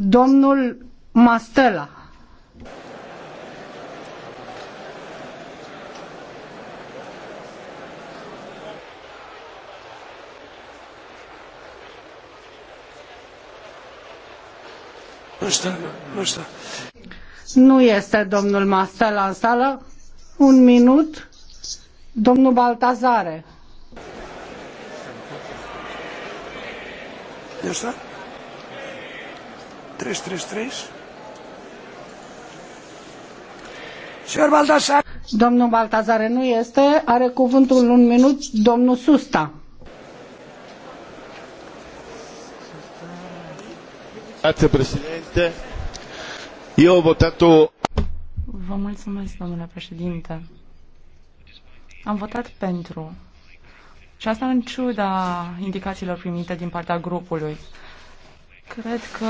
domnul Mastela. Nu stă, nu stă. Nu este domnul Mastela în sală. Un minut. Domnul Baltazare. Nu stă? 333. Señor Baldassare. Domnul Baltazare nu este, are cuvântul un minut domnul Susta. Grazie Eu am votat o. Vă mulțumesc, domnule președinte. Am votat pentru. Și asta în ciuda indicațiilor primite din partea grupului. Cred că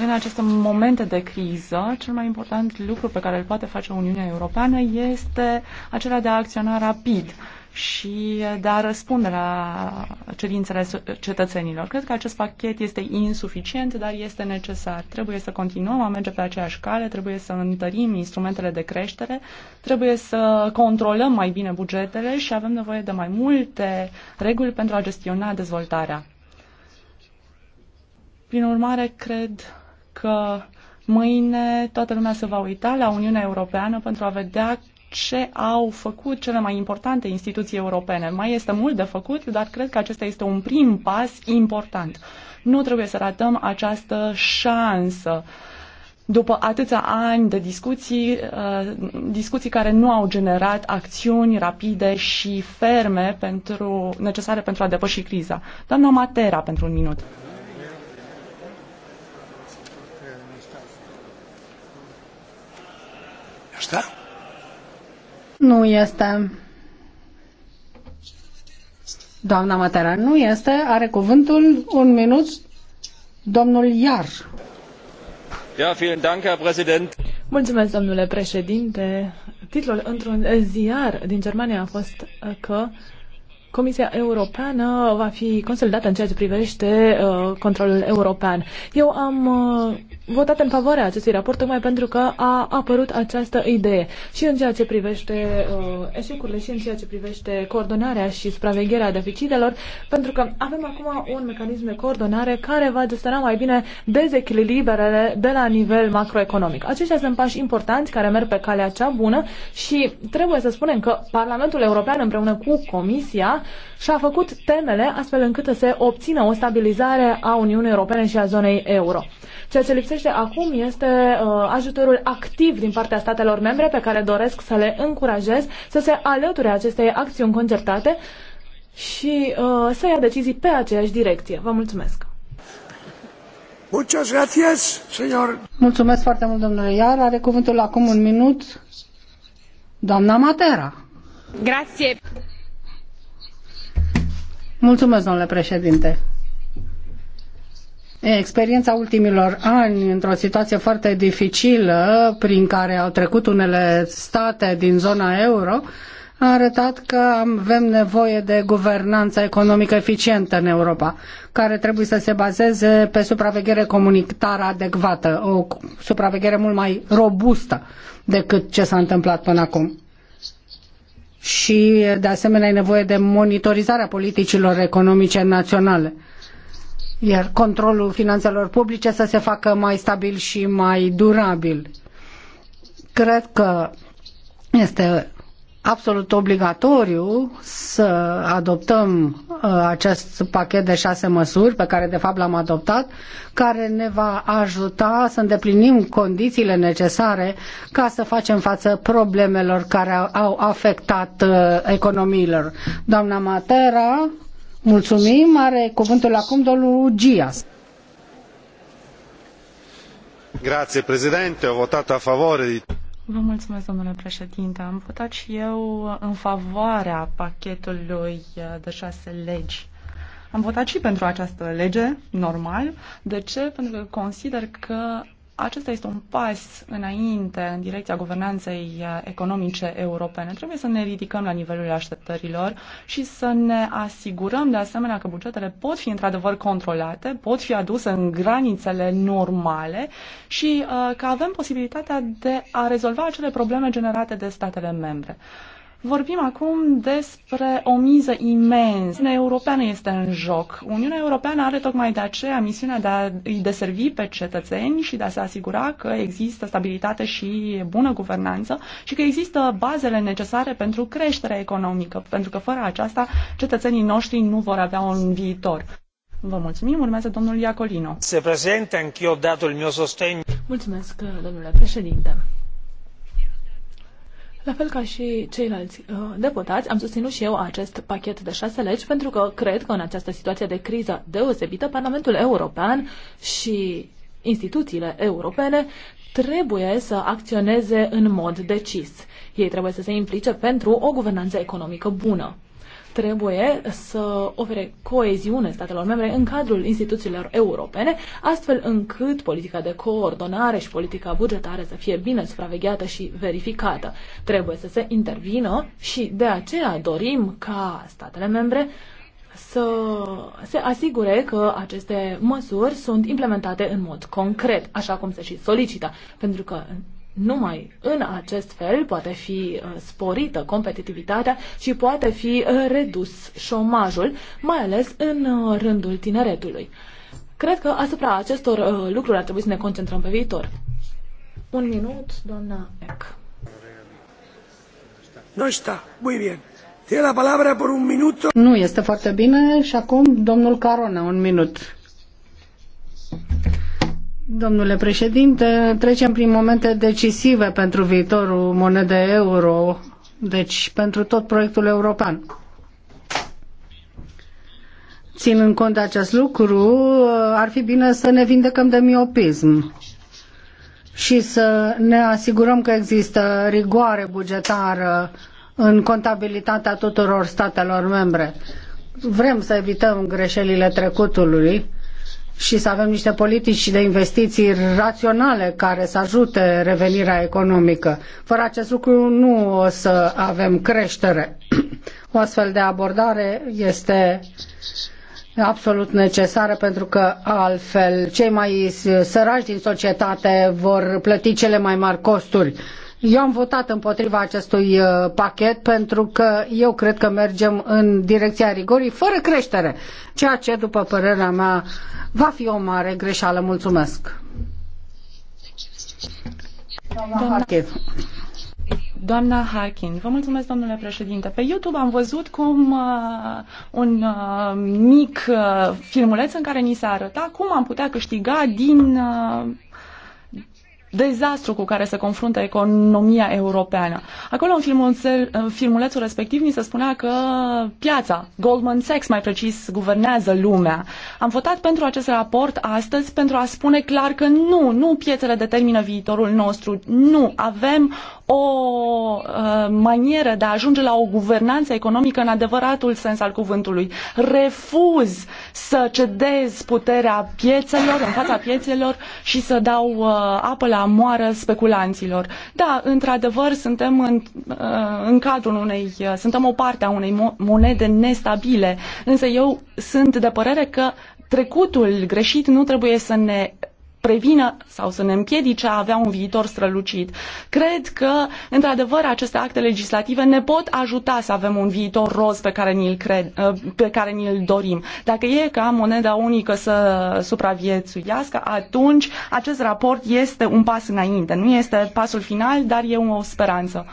în aceste momente de criză, cel mai important lucru pe care îl poate face Uniunea Europeană este acela de a acționa rapid și de a răspunde la cerințele cetățenilor. Cred că acest pachet este insuficient, dar este necesar. Trebuie să continuăm a merge pe aceeași cale, trebuie să întărim instrumentele de creștere, trebuie să controlăm mai bine bugetele și avem nevoie de mai multe reguli pentru a gestiona dezvoltarea. Prin urmare, cred că mâine toată lumea se va uita la Uniunea Europeană pentru a vedea ce au făcut cele mai importante instituții europene. Mai este mult de făcut, dar cred că acesta este un prim pas important. Nu trebuie să ratăm această șansă. După atâția ani de discuții, uh, discuții care nu au generat acțiuni rapide și ferme pentru, necesare pentru a depăși criza. Doamna Matera, pentru un minut. Asta? Nu este. Doamna Matera nu este. Are cuvântul un minut domnul Iar. Ja, vielen Dank, Herr Präsident. Mulțumesc, domnule președinte. Titlul într-un ziar din Germania a fost că Comisia Europeană va fi consolidată în ceea ce privește uh, controlul european. Eu am uh, votat în favoarea acestui raport tocmai pentru că a apărut această idee și în ceea ce privește uh, eșecurile și în ceea ce privește coordonarea și supravegherea deficitelor, pentru că avem acum un mecanism de coordonare care va gestiona mai bine dezechilibrele de la nivel macroeconomic. Aceștia sunt pași importanți care merg pe calea cea bună și trebuie să spunem că Parlamentul European împreună cu Comisia și a făcut temele astfel încât să se obțină o stabilizare a Uniunii Europene și a zonei euro. Ceea ce lipsește acum este uh, ajutorul activ din partea statelor membre pe care doresc să le încurajez să se alăture acestei acțiuni concertate și uh, să ia decizii pe aceeași direcție. Vă mulțumesc! Muchas gracias, señor. Mulțumesc foarte mult, domnule Iar. Are cuvântul acum un minut doamna Matera. Grazie. Mulțumesc, domnule președinte. Experiența ultimilor ani într-o situație foarte dificilă prin care au trecut unele state din zona euro a arătat că avem nevoie de guvernanță economică eficientă în Europa, care trebuie să se bazeze pe supraveghere comunitară adecvată, o supraveghere mult mai robustă decât ce s-a întâmplat până acum și de asemenea e nevoie de monitorizarea politicilor economice naționale iar controlul finanțelor publice să se facă mai stabil și mai durabil. Cred că este absolut obligatoriu să adoptăm uh, acest pachet de șase măsuri pe care de fapt l-am adoptat, care ne va ajuta să îndeplinim condițiile necesare ca să facem față problemelor care au afectat uh, economiilor. Doamna Matera, mulțumim, are cuvântul acum domnul Gias. Grazie Presidente, ho votato a favore di... Vă mulțumesc, domnule președinte. Am votat și eu în favoarea pachetului uh, de șase legi. Am votat și pentru această lege, normal. De ce? Pentru că consider că acesta este un pas înainte în direcția guvernanței uh, economice europene. Trebuie să ne ridicăm la nivelul așteptărilor și să ne asigurăm de asemenea că bugetele pot fi într-adevăr controlate, pot fi aduse în granițele normale și uh, că avem posibilitatea de a rezolva acele probleme generate de statele membre. Uh, Vorbim acum despre o miză imensă. Uniunea Europeană este în joc. Uniunea Europeană are tocmai de aceea misiunea de a îi deservi pe cetățeni și de a se asigura că există stabilitate și bună guvernanță și că există bazele necesare pentru creșterea economică, pentru că fără aceasta cetățenii noștri nu vor avea un viitor. Vă mulțumim, urmează domnul Iacolino. Se prezentă, în dato il mio sostegno. Mulțumesc, domnule președinte. La fel ca și ceilalți uh, deputați, am susținut și eu acest pachet de șase legi pentru că cred că în această situație de criză deosebită, Parlamentul European și instituțiile europene trebuie să acționeze în mod decis. Ei trebuie să se implice pentru o guvernanță economică bună trebuie să ofere coeziune statelor membre în cadrul instituțiilor europene, astfel încât politica de coordonare și politica bugetară să fie bine supravegheată și verificată. Trebuie să se intervină și de aceea dorim ca statele membre să se asigure că aceste măsuri sunt implementate în mod concret, așa cum se și solicită, pentru că numai în acest fel poate fi uh, sporită competitivitatea și poate fi uh, redus șomajul, mai ales în uh, rândul tineretului. Cred că asupra acestor lucruri ar trebui să ne concentrăm pe viitor. Un minut, doamna Eck. No sta, Muy bien. Tiene la palabra por un minuto. Nu este foarte bine și acum domnul Carona, un minut. Domnule președinte, trecem prin momente decisive pentru viitorul monedei euro, deci pentru tot proiectul european. Ținând cont de acest lucru, ar fi bine să ne vindecăm de miopism și să ne asigurăm că există rigoare bugetară în contabilitatea tuturor statelor membre. Vrem să evităm greșelile trecutului, și să avem niște politici de investiții raționale care să ajute revenirea economică. Fără acest lucru nu o să avem creștere. O astfel de abordare este absolut necesară pentru că altfel cei mai săraci din societate vor plăti cele mai mari costuri eu am votat împotriva acestui uh, pachet pentru că eu cred că mergem în direcția rigorii fără creștere, ceea ce, după părerea mea, va fi o mare greșeală. Mulțumesc! Doamna, Harkin, vă mulțumesc, domnule președinte. Pe YouTube am văzut cum uh, un uh, mic uh, filmuleț în care ni se arătat cum am putea câștiga din uh, dezastru cu care se confruntă economia europeană. Acolo în filmulețul, în filmulețul respectiv ni se spunea că piața, Goldman Sachs mai precis, guvernează lumea. Am votat pentru acest raport astăzi pentru a spune clar că nu, nu piețele determină viitorul nostru, nu, avem o uh, manieră de a ajunge la o guvernanță economică în adevăratul sens al cuvântului. Refuz să cedez puterea piețelor, în fața piețelor și să dau uh, apă la moară speculanților. Da, într-adevăr, suntem în, uh, în cadrul unei, uh, suntem o parte a unei monede nestabile, însă eu sunt de părere că trecutul greșit nu trebuie să ne prevină sau să ne împiedice a avea un viitor strălucit. Cred că, într-adevăr, aceste acte legislative ne pot ajuta să avem un viitor roz pe care ni-l, cred, uh, pe care ni-l dorim. Dacă e ca moneda unică să supraviețuiască, atunci acest raport este un pas înainte. Nu este pasul final, dar e o speranță.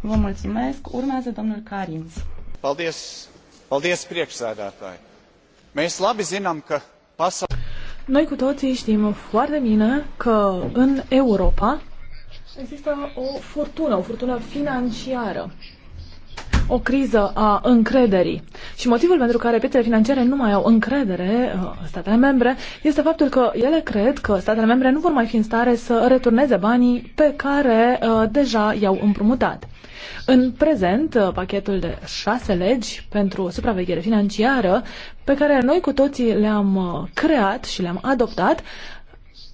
Vă mulțumesc. Urmează domnul Carins. Paldies, paldies priekšsēdētāji. Mēs labi zinām, ka pasaule. Noi cu toții știm foarte bine că în Europa există o furtună, o furtună financiară, o criză a încrederii. Și motivul pentru care piețele financiare nu mai au încredere în uh, statele membre este faptul că ele cred că statele membre nu vor mai fi în stare să returneze banii pe care uh, deja i-au împrumutat. În prezent, uh, pachetul de șase legi pentru supraveghere financiară, pe care noi cu toții le-am uh, creat și le-am adoptat,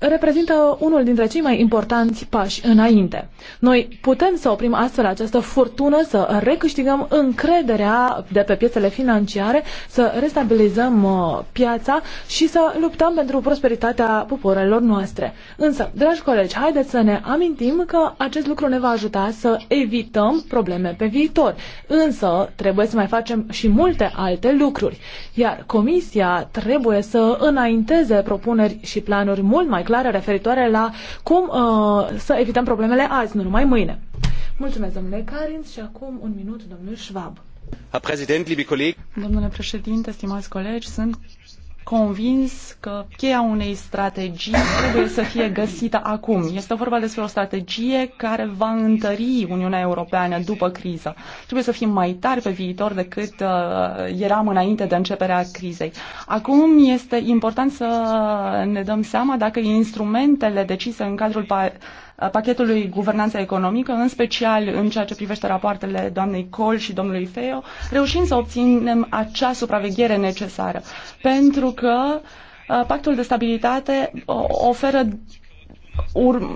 reprezintă unul dintre cei mai importanți pași înainte. Noi putem să oprim astfel această furtună, să recâștigăm încrederea de pe piețele financiare, să restabilizăm uh, piața și să luptăm pentru prosperitatea popoarelor noastre. Însă, dragi colegi, haideți să ne amintim că acest lucru ne va ajuta să evităm probleme pe viitor. Însă, trebuie să mai facem și multe alte lucruri. Iar Comisia trebuie să înainteze propuneri și planuri mult mai clară referitoare la cum uh, să evităm problemele azi, nu numai mâine. Mulțumesc, domnule Carin, și acum un minut, domnul Schwab. Domnule președinte, stimați colegi, sunt convins că cheia unei strategii trebuie să fie găsită acum. Este vorba despre o strategie care va întări Uniunea Europeană după criză. Trebuie să fim mai tari pe viitor decât uh, eram înainte de începerea crizei. Acum este important să ne dăm seama dacă instrumentele decise în cadrul pachetului guvernanță economică, în special în ceea ce privește rapoartele doamnei Col și domnului Feo, reușim să obținem acea supraveghere necesară. Pentru că pactul de stabilitate oferă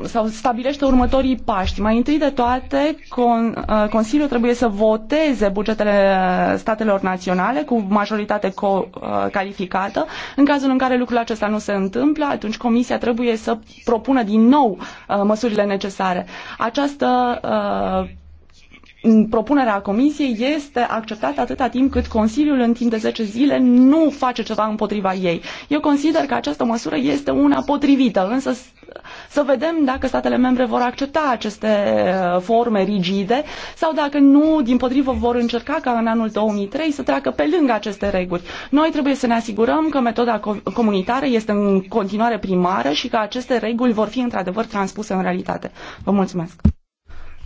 sau stabilește următorii paști. Mai întâi de toate, con- uh, Consiliul trebuie să voteze bugetele statelor naționale cu majoritate co- uh, calificată. În cazul în care lucrul acesta nu se întâmplă, atunci Comisia trebuie să propună din nou uh, măsurile necesare. Această propunerea Comisiei este acceptată atâta timp cât Consiliul în timp de 10 zile nu face ceva împotriva ei. Eu consider că această măsură este una potrivită, însă să vedem dacă statele membre vor accepta aceste uh, forme rigide sau dacă nu, din potrivă, vor încerca ca în anul 2003 să treacă pe lângă aceste reguli. Noi trebuie să ne asigurăm că metoda comunitară este în continuare primară și că aceste reguli vor fi într-adevăr transpuse în realitate. Vă mulțumesc!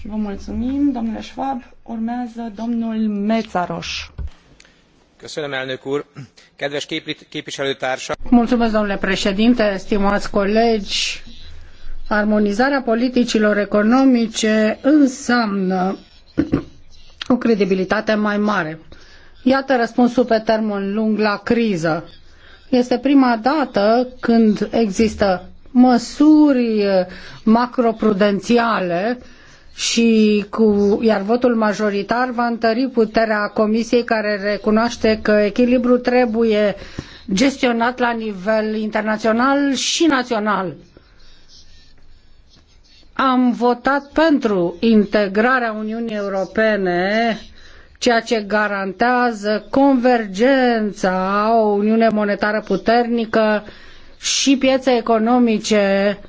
Vă mulțumim, domnule Schwab. Urmează domnul Mețaroș. Mulțumesc, domnule președinte, stimați colegi. Armonizarea politicilor economice înseamnă o credibilitate mai mare. Iată răspunsul pe termen lung la criză. Este prima dată când există măsuri macroprudențiale uh, și cu, iar votul majoritar va întări puterea comisiei care recunoaște că echilibrul trebuie gestionat la nivel internațional și național. Am votat pentru integrarea Uniunii Europene, ceea ce garantează convergența, o Uniune monetară puternică și piețe economice uh,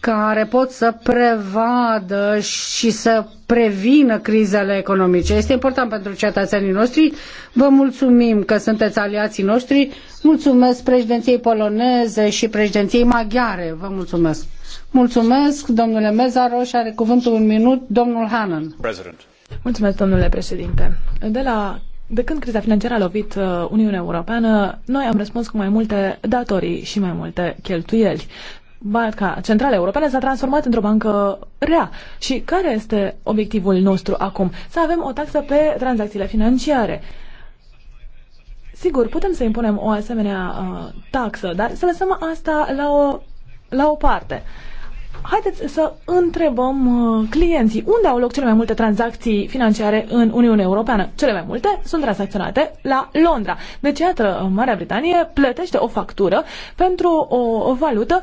care pot să prevadă și să prevină crizele economice. Este important pentru cetățenii noștri. Vă mulțumim că sunteți aliații noștri. Mulțumesc președinției poloneze și președinției maghiare. Vă mulțumesc. Mulțumesc, domnule Mezaroș. Are cuvântul un minut, domnul Hannan. President. Mulțumesc, domnule președinte. De la de când criza financiară a lovit uh, Uniunea Europeană, noi am răspuns cu mai multe datorii și mai multe cheltuieli. Banca Centrală Europeană s-a transformat într-o bancă rea. Și care este obiectivul nostru acum? Să avem o taxă pe tranzacțiile financiare. Sigur, putem să impunem o asemenea uh, taxă, dar să lăsăm asta la o, la o parte. Haideți să întrebăm uh, clienții unde au loc cele mai multe tranzacții financiare în Uniunea Europeană. Cele mai multe sunt tranzacționate la Londra. Deci, iată, Marea Britanie plătește o factură pentru o valută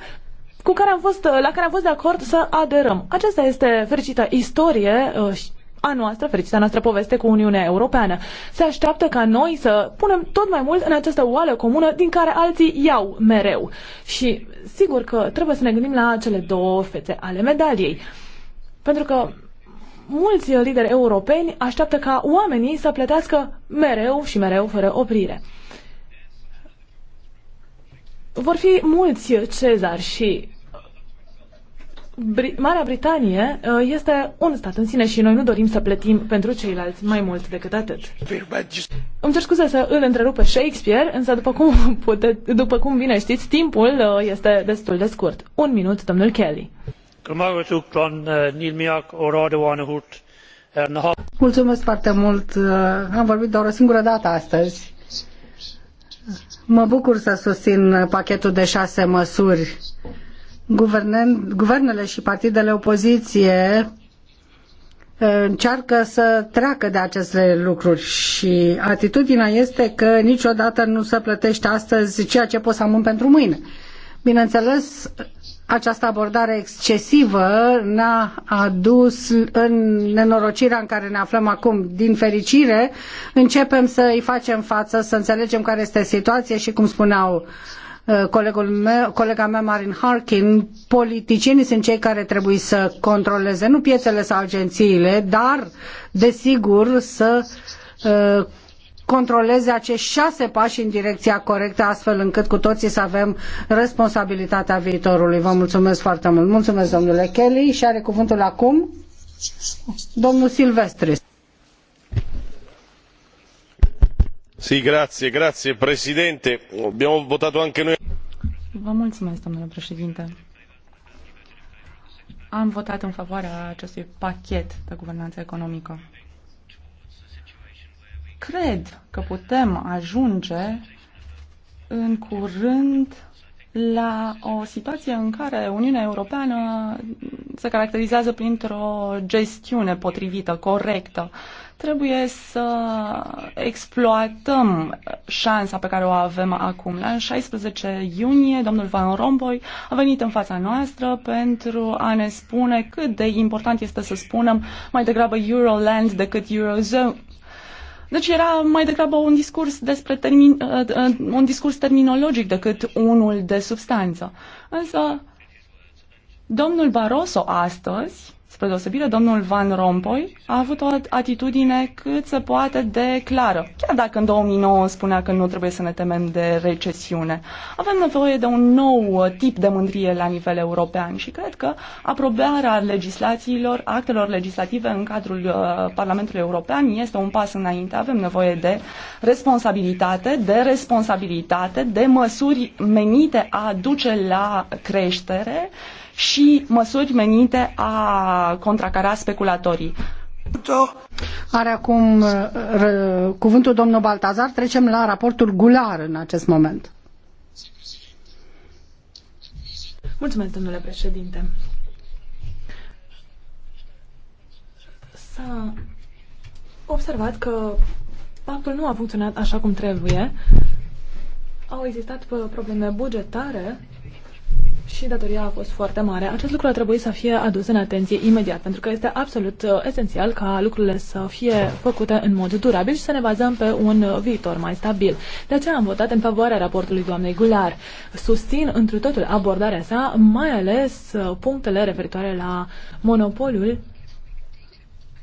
cu care am fost, la care am fost de acord să aderăm. Aceasta este fericită istorie uh, a noastră, fericita noastră poveste cu Uniunea Europeană. Se așteaptă ca noi să punem tot mai mult în această oală comună din care alții iau mereu. Și sigur că trebuie să ne gândim la cele două fețe ale medaliei. Pentru că mulți lideri europeni așteaptă ca oamenii să plătească mereu și mereu fără oprire. Vor fi mulți cezari și Bri- Marea Britanie uh, este un stat în sine și noi nu dorim să plătim pentru ceilalți mai mult decât atât. Îmi cer scuze să îl întrerupe Shakespeare, însă după cum, pute- după cum bine știți, timpul uh, este destul de scurt. Un minut, domnul Kelly. Mulțumesc foarte mult. Uh, am vorbit doar o singură dată astăzi. Mă bucur să susțin pachetul de șase măsuri guvernele și partidele opoziție uh, încearcă să treacă de aceste lucruri și atitudinea este că niciodată nu se plătește astăzi ceea ce poți să amân pentru mâine. Bineînțeles, această abordare excesivă ne-a adus în nenorocirea în care ne aflăm acum. Din fericire, începem să îi facem față, să înțelegem care este situația și, cum spuneau uh, Eh, colegul meu, colega mea Marin Harkin, politicienii sunt cei care trebuie să controleze, nu piețele sau agențiile, dar, desigur, să eh, controleze acești șase pași în direcția corectă, astfel încât cu toții să avem responsabilitatea viitorului. Vă mulțumesc foarte mult. Mulțumesc, domnule Kelly. Și are cuvântul acum domnul Silvestris. signor presidente abbiamo votato anche noi. domnule președinte am votat în favoarea acestui pachet de guvernanță economică. Cred că putem ajunge în curând la o situație în care Uniunea Europeană se caracterizează printr-o gestiune potrivită, corectă. Uh, Trebuie să exploatăm șansa pe care o avem acum. La 16 iunie, domnul Van Rompuy a venit în fața noastră pentru a ne spune cât de important este să spunem mai degrabă Euroland decât Eurozone. Deci era mai degrabă un discurs, despre termin, uh, un discurs terminologic decât unul de substanță. Însă, domnul Barroso astăzi Spre deosebire, domnul Van Rompuy a avut o atitudine cât se poate de clară, chiar dacă în 2009 spunea că nu trebuie să ne temem de recesiune. Avem nevoie de un nou uh, tip de mândrie la nivel european și cred că aprobarea legislațiilor, actelor legislative în cadrul uh, Parlamentului European este un pas înainte. Avem nevoie de responsabilitate, de responsabilitate, de măsuri menite a duce la creștere, uh, și măsuri menite a contracara speculatorii. Are acum cuvântul domnul Baltazar. Trecem la raportul Gular în acest moment. Mulțumesc, domnule președinte. S-a observat că pactul nu a funcționat așa cum trebuie. Au existat uh, probleme bugetare și datoria a fost foarte mare. Acest lucru a trebuit să fie adus în atenție imediat, pentru că este absolut uh, esențial ca lucrurile să fie făcute în mod durabil și să ne bazăm pe un uh, viitor mai stabil. De aceea am votat în favoarea raportului doamnei Gular. Susțin întru totul abordarea sa, mai ales uh, punctele referitoare la monopolul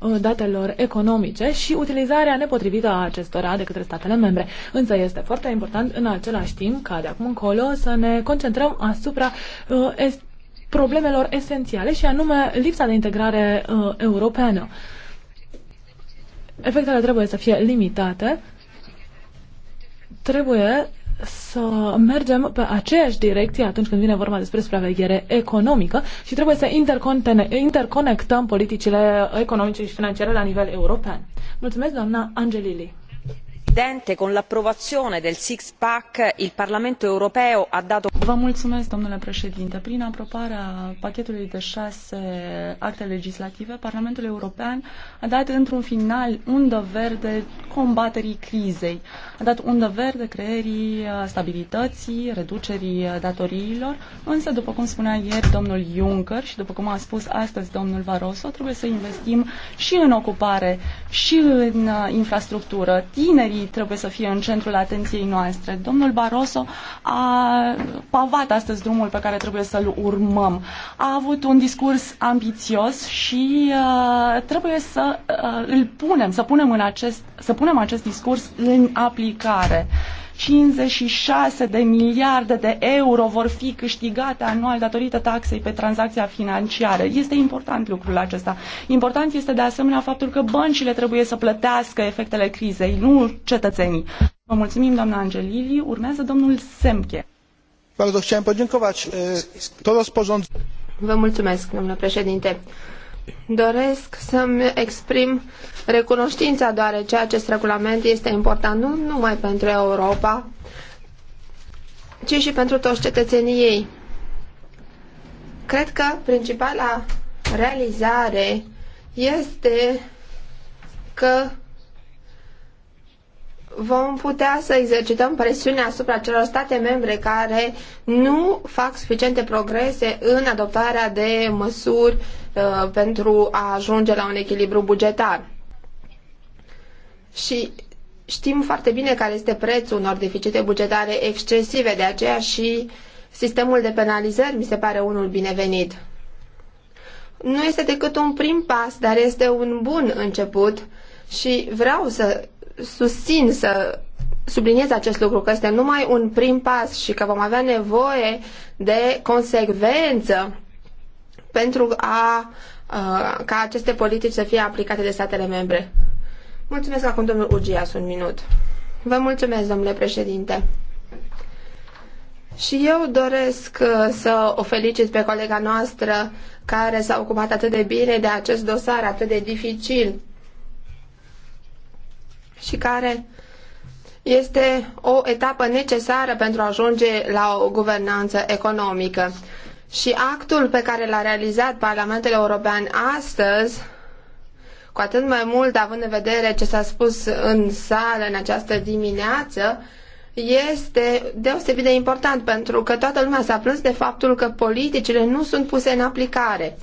Uh, datelor economice și utilizarea nepotrivită a acestora de către statele membre. Însă este foarte important în același timp ca de acum încolo să ne concentrăm asupra uh, problemelor esențiale și anume lipsa de integrare uh, europeană. Efectele trebuie să fie limitate, trebuie să mergem pe aceeași direcție atunci când vine vorba despre supraveghere economică și trebuie să interconectăm politicile economice și financiare la nivel european. Mulțumesc, doamna Angelili presidente con l'approvazione del six pack il parlamento europeo ha dato. vă mulțumesc domnule președinte prin aprobarea pachetului de șase acte legislative parlamentul european a dat într un final undă verde combaterii crizei a dat undă verde creării stabilității reducerii datoriilor însă după cum spunea ieri domnul juncker și după cum a spus astăzi domnul barroso trebuie să investim și în ocupare și în uh, infrastructură tinerii trebuie să fie în centrul atenției noastre. Domnul Barroso a pavat astăzi drumul pe care trebuie să-l urmăm. A avut un discurs ambițios și uh, trebuie să uh, îl punem, să punem, în acest, să punem acest discurs în aplicare. Uh, 56 de miliarde de euro vor fi câștigate anual datorită taxei pe tranzacția financiară. Este important lucrul acesta. Important este de asemenea faptul că băncile trebuie să plătească efectele crizei, nu cetățenii. Vă mulțumim, doamna Angelili. Urmează domnul Semche. Vă mulțumesc, domnule președinte. Doresc să-mi exprim recunoștința deoarece acest regulament este important nu numai pentru Europa, ci și pentru toți cetățenii ei. Cred că principala realizare este că vom putea să exercităm presiunea asupra celor state membre care nu fac suficiente progrese în adoptarea de măsuri uh, pentru a ajunge la un echilibru bugetar. Și știm foarte bine care este prețul unor deficite bugetare excesive, de aceea și sistemul de penalizări mi se pare unul binevenit. Nu este decât un prim pas, dar este un bun început și vreau să susțin să subliniez acest lucru, că este numai un prim pas și că vom avea nevoie de consecvență pentru a, ca aceste politici să fie aplicate de statele membre. Mulțumesc acum domnul Ugias un minut. Vă mulțumesc, domnule președinte. Și eu doresc uh, să o felicit pe colega noastră care s-a ocupat atât de bine de acest dosar atât de dificil și care este o etapă necesară pentru a ajunge la o guvernanță economică. Și actul pe care l-a realizat Parlamentul European astăzi, cu atât mai mult având în vedere ce s-a spus în sală în această dimineață, este deosebit de important pentru că toată lumea s-a plâns de faptul că politicile nu sunt puse în aplicare.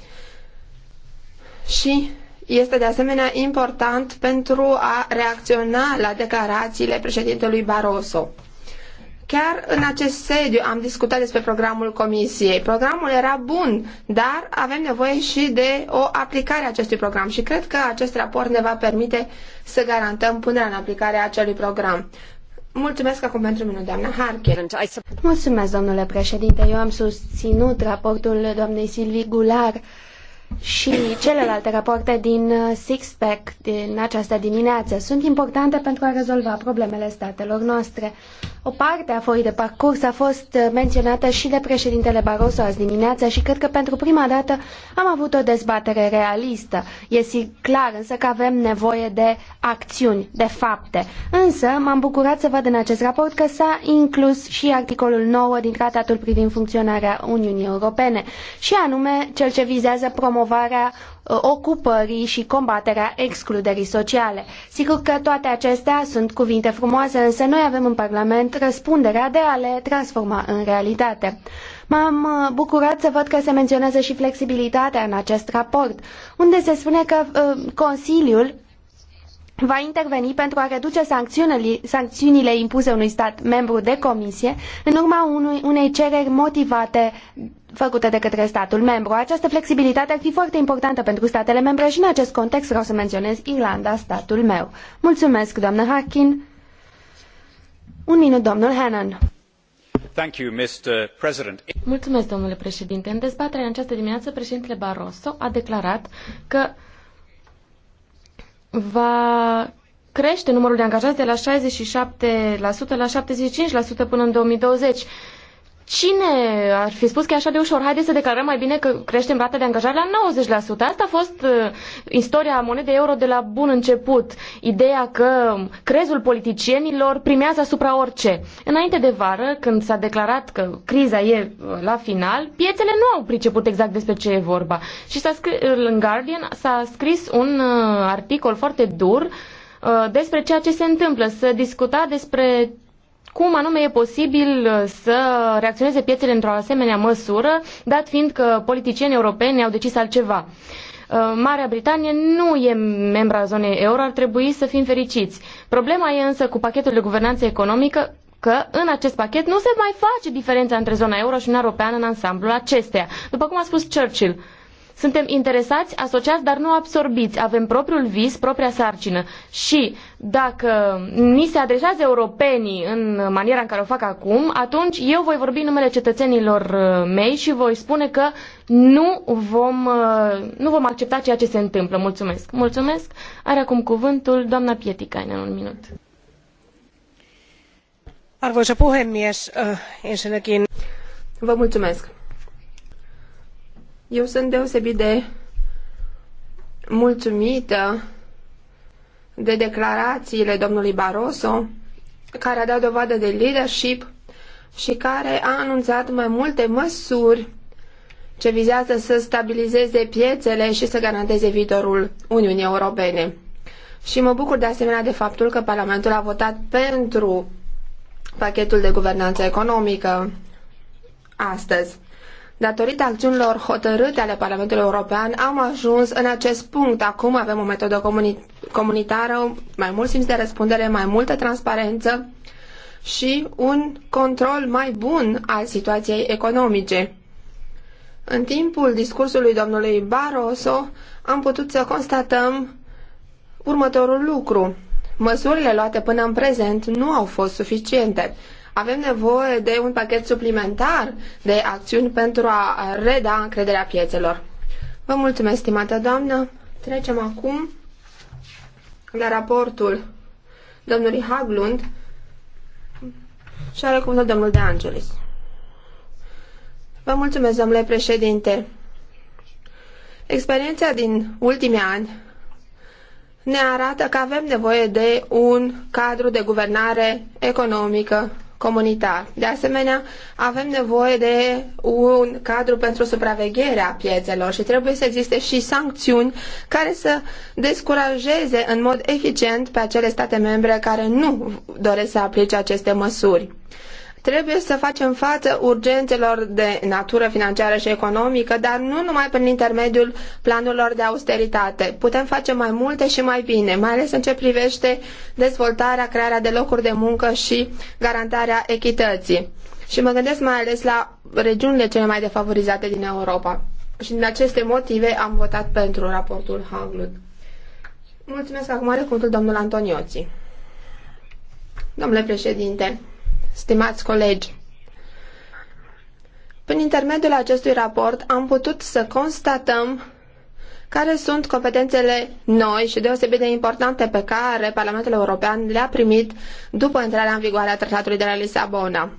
Și este de asemenea important pentru a reacționa la declarațiile președintelui Barroso. Chiar în acest sediu am discutat despre programul comisiei. Programul era bun, dar avem nevoie și de o aplicare a acestui program și cred că acest raport ne va permite să garantăm punerea în aplicare a acelui program. Mulțumesc acum pentru minut, doamna Harkin. Mulțumesc, domnule președinte. Eu am susținut raportul doamnei Silvii Gular și celelalte rapoarte din uh, Sixpack din această dimineață sunt importante pentru a rezolva problemele statelor noastre. O parte a foii de parcurs a fost uh, menționată și de președintele Barroso azi dimineață și cred că pentru prima dată am avut o dezbatere realistă. Este clar însă că avem nevoie de acțiuni, de fapte. Însă m-am bucurat să văd în acest raport că s-a inclus și articolul 9 din tratatul privind funcționarea Uniunii Europene și anume cel ce vizează promovarea promovarea uh, ocupării și combaterea excluderii sociale. Sigur că toate acestea sunt cuvinte frumoase, însă noi avem în Parlament răspunderea de a le transforma în realitate. M-am uh, bucurat să văd că se menționează și flexibilitatea în acest raport, unde se spune că uh, Consiliul va interveni pentru a reduce sancțiunile impuse unui stat membru de comisie în urma unui, unei cereri motivate făcute de către statul membru. Această flexibilitate ar fi foarte importantă pentru statele membre și în acest context vreau să menționez Irlanda, statul meu. Mulțumesc, doamnă Harkin. Un minut, domnul Hannan. You, Mulțumesc, domnule președinte. În dezbaterea în această dimineață, președintele Barroso a declarat că va crește numărul de angajați de la 67% la 75% până în 2020. Cine ar fi spus că e așa de ușor? Haideți să declarăm mai bine că creștem rata de angajare la 90%. Asta a fost uh, istoria monedei euro de la bun început. Ideea că crezul politicienilor primează asupra orice. Înainte de vară, când s-a declarat că criza e uh, la final, piețele nu au priceput exact despre ce e vorba. Și s-a scris, uh, în Guardian s-a scris un uh, articol foarte dur uh, despre ceea ce se întâmplă, să discuta despre cum anume e posibil uh, să reacționeze piețele într-o asemenea măsură, dat fiind că politicienii europeni au decis altceva. Uh, Marea Britanie nu e membra zonei euro, ar trebui să fim fericiți. Problema e însă cu pachetul de guvernanță economică că în acest pachet nu se mai face diferența între zona euro și Uniunea Europeană în ansamblul acesteia. După cum a spus Churchill, suntem interesați, asociați, dar nu absorbiți. Avem propriul vis, propria sarcină. Și dacă ni se adresează europenii în maniera în care o fac acum, atunci eu voi vorbi în numele cetățenilor uh, mei și voi spune că nu vom, uh, nu vom accepta ceea ce se întâmplă. Mulțumesc. Mulțumesc. Are acum cuvântul doamna în un minut. Arvoisa puhemies, uh, ensinnäkin... Vă mulțumesc. Eu sunt deosebit de mulțumită de declarațiile domnului Barroso, care a dat dovadă de leadership și care a anunțat mai multe măsuri ce vizează să stabilizeze piețele și să garanteze viitorul Uniunii Europene. Și mă bucur de asemenea de faptul că Parlamentul a votat pentru pachetul de guvernanță economică astăzi. Datorită acțiunilor hotărâte ale Parlamentului European, am ajuns în acest punct. Acum avem o metodă comuni- comunitară, mai mult simț de răspundere, mai multă transparență și un control mai bun al situației economice. În timpul discursului domnului Barroso am putut să constatăm următorul lucru. Măsurile luate până în prezent nu au fost suficiente avem nevoie de un pachet suplimentar de acțiuni pentru a reda încrederea piețelor. Vă mulțumesc, stimată doamnă. Trecem acum la raportul domnului Haglund și are cuvântul domnul De Angelis. Vă mulțumesc, domnule președinte. Experiența din ultimii ani ne arată că avem nevoie de un cadru de guvernare economică comunitar. De asemenea, avem nevoie de un cadru pentru supravegherea piețelor și trebuie să existe și sancțiuni care să descurajeze în mod eficient pe acele state membre care nu doresc să aplice aceste măsuri. Trebuie să facem față urgențelor de natură financiară și economică, dar nu numai prin intermediul planurilor de austeritate. Putem face mai multe și mai bine, mai ales în ce privește dezvoltarea, crearea de locuri de muncă și garantarea echității. Și mă gândesc mai ales la regiunile cele mai defavorizate din Europa. Și din aceste motive am votat pentru raportul Haglund. Mulțumesc acum are cuvântul domnul Antonioții. Domnule președinte, stimați colegi, prin intermediul acestui raport am putut să constatăm care sunt competențele noi și deosebit de importante pe care Parlamentul European le-a primit după intrarea în vigoare a Tratatului de la Lisabona.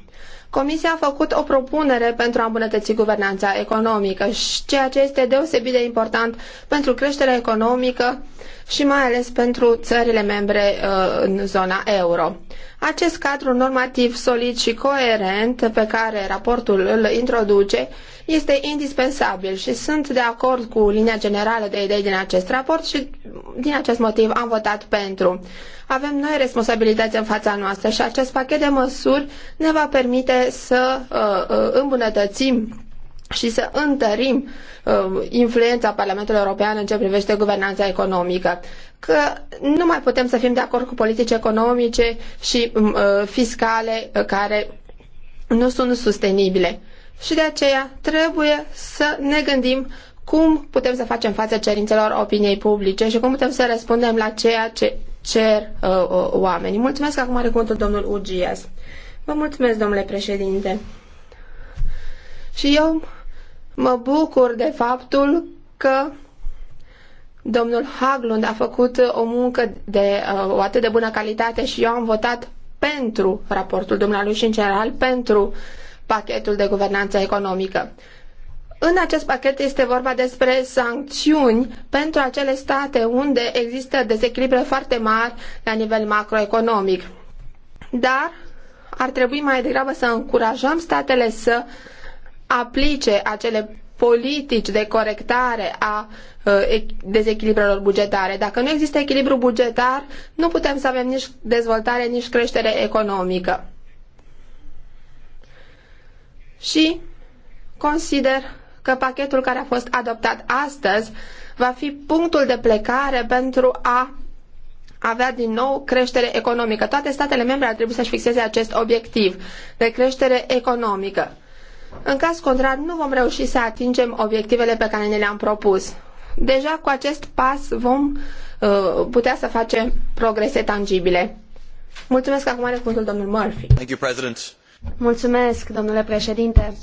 Comisia a făcut o propunere pentru a îmbunătăți guvernanța economică, ceea ce este deosebit de important pentru creșterea economică și mai ales pentru țările membre uh, în zona euro. Acest cadru normativ solid și coerent pe care raportul îl introduce este indispensabil și sunt de acord cu linia generală de idei din acest raport și din acest motiv am votat pentru. Avem noi responsabilități în fața noastră și acest pachet de măsuri ne va permite să uh, uh, îmbunătățim și să întărim uh, influența Parlamentului European în ce privește guvernanța economică. Că nu mai putem să fim de acord cu politici economice și mm, uh, fiscale uh, care nu sunt sustenibile. Și de aceea trebuie să ne gândim cum putem să facem față cerințelor opiniei publice și cum putem să răspundem la ceea ce cer uh, uh, oamenii. Mulțumesc acum are cuvântul domnul Ugias. Vă mulțumesc, domnule președinte. Și eu Mă bucur de faptul că domnul Haglund a făcut uh, o muncă de uh, o atât de bună calitate și eu am votat pentru raportul dumnealui și în general pentru pachetul de guvernanță economică. În acest pachet este vorba despre sancțiuni pentru acele state unde există dezechilibre foarte mari la nivel macroeconomic. Dar ar trebui mai degrabă să încurajăm statele să uh, aplice acele politici de corectare a uh, dezechilibrelor bugetare. Dacă nu există echilibru bugetar, nu putem să avem nici dezvoltare, nici creștere economică. Și consider că pachetul care a fost adoptat astăzi va fi punctul de plecare pentru a avea din nou creștere economică. Toate statele membre ar trebui să-și fixeze acest obiectiv de creștere economică. În caz contrar, nu vom reuși să atingem obiectivele pe care ne le-am propus. Deja cu acest pas vom uh, putea să facem progrese tangibile. Mulțumesc acum are cuvântul domnul Murphy. Thank you, President. Mulțumesc, domnule președinte.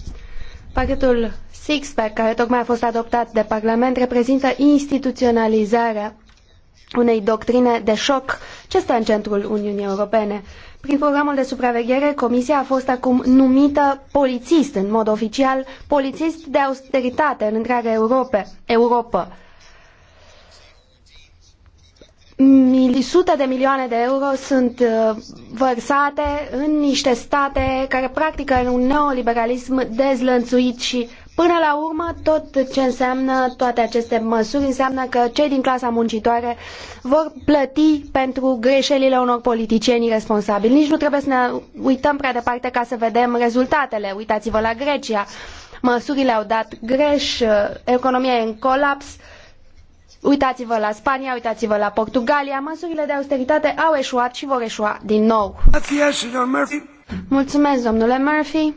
Pachetul Sixpack, care tocmai a fost adoptat de Parlament, reprezintă instituționalizarea unei doctrine de șoc ce stă în centrul Uniunii Europene. Prin programul de supraveghere, Comisia a fost acum numită polițist, în mod oficial, polițist de austeritate în întreaga Europe, Europa. Mil, sute de milioane de euro sunt uh, vărsate în niște state care practică un neoliberalism dezlănțuit și Până la urmă, tot ce înseamnă toate aceste măsuri înseamnă că cei din clasa muncitoare vor plăti pentru greșelile unor politicieni irresponsabili. Nici nu trebuie să ne uităm prea departe ca să vedem rezultatele. Uitați-vă la Grecia. Măsurile au dat greș, economia e în colaps. Uitați-vă la Spania, uitați-vă la Portugalia. Măsurile de austeritate au eșuat și vor eșua din nou. Mulțumesc, domnule Murphy.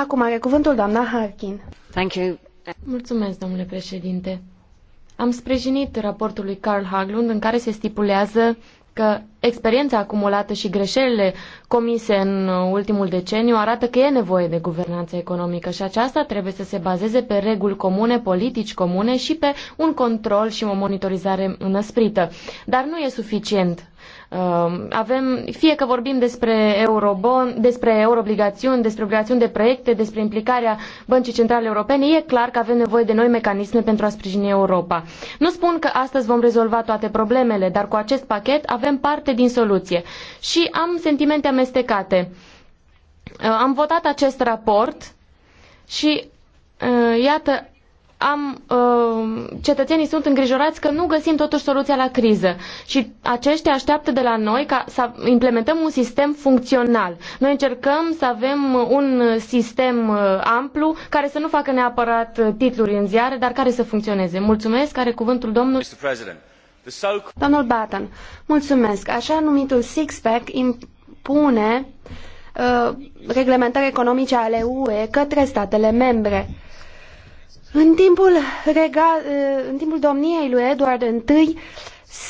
Acum are cuvântul doamna Harkin. Thank you. Mulțumesc, domnule președinte. Am sprijinit raportul lui Carl Haglund în care se stipulează că experiența acumulată și greșelile comise în ultimul deceniu arată că e nevoie de guvernanță economică și aceasta trebuie să se bazeze pe reguli comune, politici comune și pe un control și o monitorizare înăsprită. Dar nu e suficient Um, avem, fie că vorbim despre eurobon, despre euroobligațiuni, despre obligațiuni de proiecte, despre implicarea Băncii Centrale Europene, e clar că avem nevoie de noi mecanisme pentru a sprijini Europa. Nu spun că astăzi vom rezolva toate problemele, dar cu acest pachet avem parte din soluție. Și am sentimente amestecate. Uh, am votat acest raport și uh, iată, am, uh, cetățenii sunt îngrijorați că nu găsim totuși soluția la criză și aceștia așteaptă de la noi ca să implementăm un sistem funcțional. Noi încercăm să avem un sistem uh, amplu care să nu facă neapărat uh, titluri în ziare, dar care să funcționeze. Mulțumesc, are cuvântul domnul... Domnul Batten, mulțumesc. Așa numitul six-pack impune uh, reglementări economice ale UE către statele membre. În timpul, rega, în timpul domniei lui Edward I,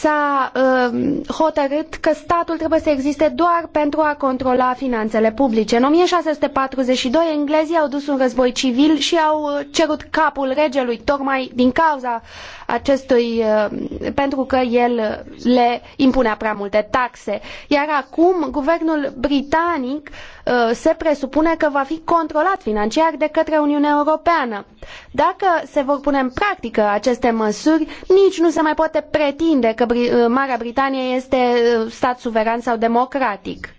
s-a uh, hotărât că statul trebuie să existe doar pentru a controla finanțele publice. În 1642 englezii au dus un război civil și au uh, cerut capul regelui tocmai din cauza acestui uh, pentru că el uh, le impunea prea multe taxe. Iar acum guvernul britanic uh, se presupune că va fi controlat financiar de către Uniunea Europeană. Dacă se vor pune în practică aceste măsuri, nici nu se mai poate pretinde că uh, Marea Britanie este uh, stat suveran sau democratic.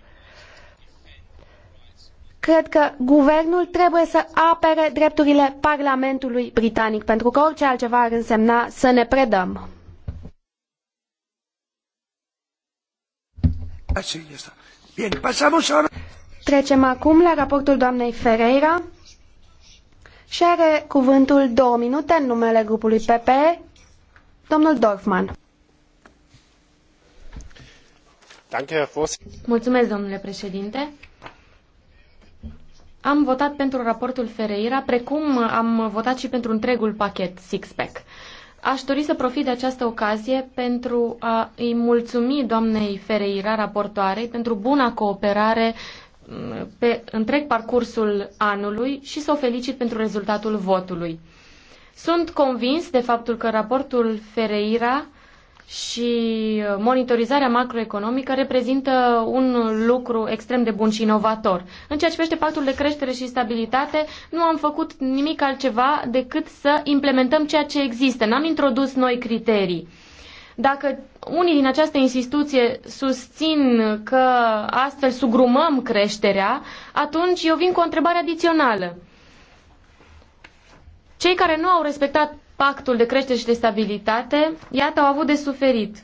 Cred că guvernul trebuie să apere drepturile Parlamentului britanic, pentru că orice altceva ar însemna să ne predăm. Ah, Trecem acum la raportul doamnei Ferreira și are cuvântul două minute în numele grupului PP, domnul Dorfman. Mulțumesc, domnule președinte. Am votat pentru raportul Ferreira, precum am votat și pentru întregul pachet Sixpack. Aș dori să profit de această ocazie pentru a îi mulțumi doamnei Ferreira, raportoarei, pentru buna cooperare mm, pe întreg parcursul anului și să o felicit pentru rezultatul votului. Sunt convins de faptul că raportul Ferreira și uh, monitorizarea macroeconomică reprezintă un lucru extrem de bun și inovator. În ceea ce privește pactul de creștere și stabilitate, nu am făcut nimic altceva decât să implementăm ceea ce există. N-am introdus noi criterii. Dacă unii din această instituție susțin că astfel sugrumăm creșterea, atunci eu vin cu o întrebare adițională. Cei care nu au respectat pactul de creștere și de stabilitate, iată, au avut de suferit.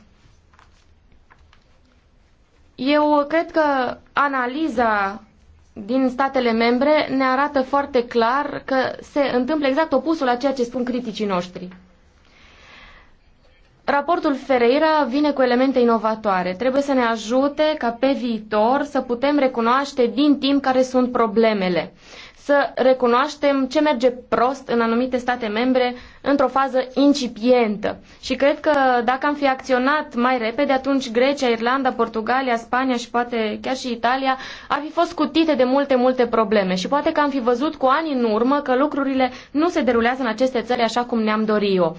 Eu cred că analiza din statele membre ne arată foarte clar că se întâmplă exact opusul a ceea ce spun criticii noștri. Raportul Ferreira vine cu elemente inovatoare. Trebuie să ne ajute ca pe viitor să putem recunoaște din timp care sunt problemele să recunoaștem ce merge prost în anumite state membre într-o fază incipientă. Și cred că dacă am fi acționat mai repede, atunci Grecia, Irlanda, Portugalia, Spania și poate chiar și Italia ar fi fost cutite de multe, multe probleme. Și poate că am fi văzut cu ani în urmă că lucrurile nu se derulează în aceste țări așa cum ne-am dorit eu.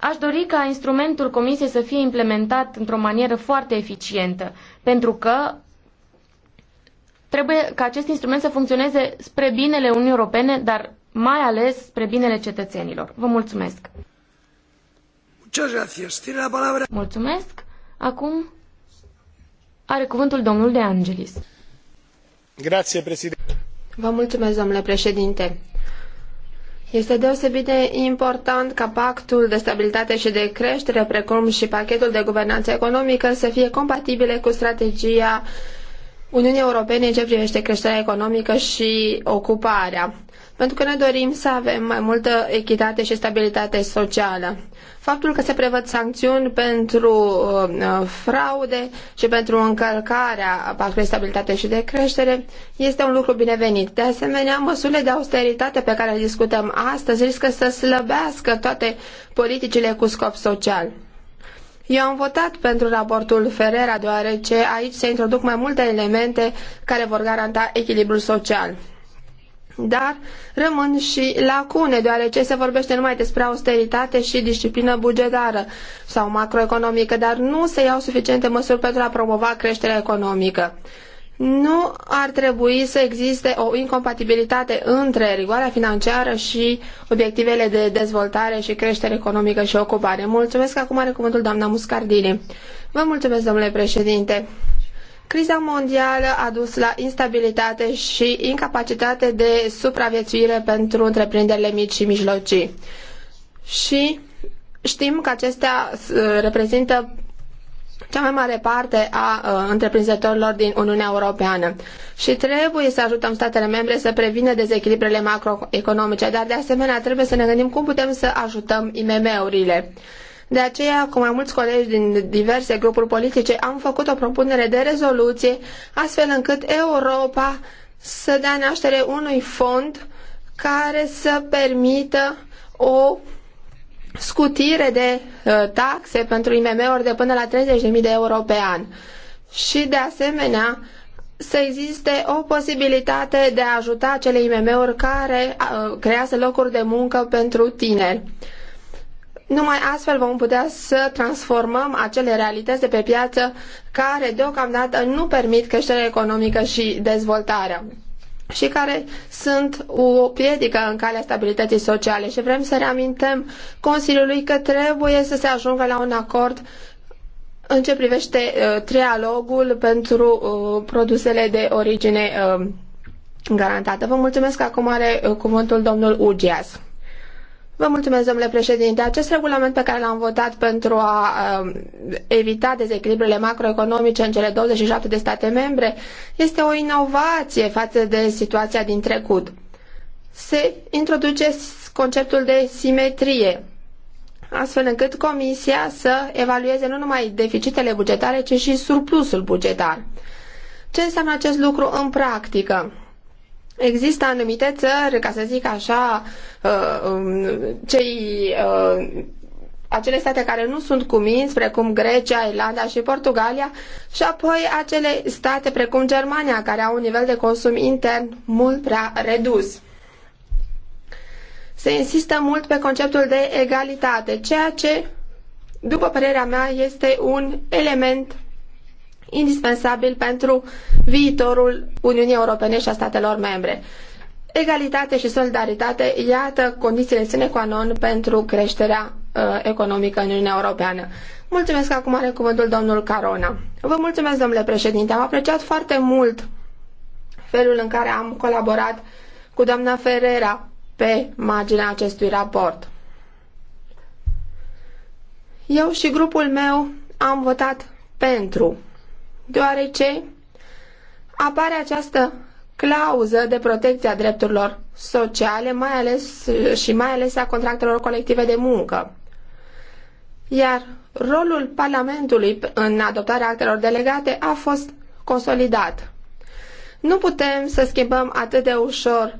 Aș dori ca instrumentul Comisiei să fie implementat într-o manieră foarte eficientă, pentru că Trebuie ca acest instrument să funcționeze spre binele Uniunii Europene, dar mai ales spre binele cetățenilor. Vă mulțumesc! Mulțumesc! Acum are cuvântul domnul De Angelis. Grazie, Vă mulțumesc, domnule președinte. Este deosebit de important ca pactul de stabilitate și de creștere, precum și pachetul de guvernanță economică, să fie compatibile cu strategia Uniunii Europene în ce privește creșterea economică și ocuparea. Pentru că ne dorim să avem mai multă echitate și stabilitate socială. Faptul că se prevăd sancțiuni pentru uh, uh fraude și pentru încălcarea pactului stabilitate și de creștere este un lucru binevenit. De asemenea, măsurile de austeritate pe care le discutăm astăzi riscă să slăbească toate politicile cu scop social. Eu am votat pentru raportul Ferrera, deoarece aici se introduc mai multe elemente care vor garanta echilibrul social. Dar rămân și lacune, deoarece se vorbește numai despre austeritate și disciplină bugetară sau macroeconomică, dar nu se iau suficiente măsuri pentru a promova creșterea economică nu ar trebui să existe o incompatibilitate între rigoarea financiară și obiectivele de dezvoltare și creștere economică și ocupare. Mulțumesc, acum are cuvântul doamna Muscardini. Vă mulțumesc, domnule președinte. Criza mondială a dus la instabilitate și incapacitate de supraviețuire pentru întreprinderile mici și mijlocii. Și știm că acestea uh, reprezintă cea mai mare parte a uh, întreprinzătorilor din Uniunea Europeană. Și trebuie să ajutăm statele membre să prevină dezechilibrele macroeconomice, dar de asemenea trebuie să ne gândim cum putem să ajutăm IMM-urile. De aceea, cu mai mulți colegi din diverse grupuri politice, am făcut o propunere de rezoluție astfel încât Europa să dea naștere unui fond care să permită o scutire de uh, taxe pentru IMM-uri de până la 30.000 de euro pe an. Și de asemenea, să existe o posibilitate de a ajuta acele IMM-uri care uh, creează locuri de muncă pentru tineri. Numai astfel vom putea să transformăm acele realități de pe piață care deocamdată nu permit creșterea economică și dezvoltarea și care sunt o piedică în calea stabilității sociale și vrem să reamintem Consiliului că trebuie să se ajungă la un acord în ce privește uh, trialogul pentru uh, produsele de origine uh, garantată. Vă mulțumesc că acum are uh, cuvântul domnul Ugias. Vă mulțumesc, domnule președinte. Acest regulament pe care l-am votat pentru a um, evita dezechilibrele macroeconomice în cele 27 de state membre este o inovație față de situația din trecut. Se introduce conceptul de simetrie, astfel încât Comisia să evalueze nu numai deficitele bugetare, ci și surplusul bugetar. Ce înseamnă acest lucru în practică? Există anumite țări, ca să zic așa, uh, um, cei, uh, acele state care nu sunt cuminți, precum Grecia, Irlanda și Portugalia, și apoi acele state precum Germania, care au un nivel de consum intern mult prea redus. Se insistă mult pe conceptul de egalitate, ceea ce, după părerea mea, este un element indispensabil pentru viitorul Uniunii Europene și a statelor membre. Egalitate și solidaritate, iată condițiile sine qua non pentru creșterea uh, economică în Uniunea Europeană. Mulțumesc acum are cuvântul domnul Carona. Vă mulțumesc, domnule președinte. Am apreciat foarte mult felul în care am colaborat cu doamna Ferrera pe marginea acestui raport. Eu și grupul meu am votat pentru deoarece apare această clauză de protecție a drepturilor sociale, mai ales și mai ales a contractelor colective de muncă. Iar rolul Parlamentului în adoptarea actelor delegate a fost consolidat. Nu putem să schimbăm atât de ușor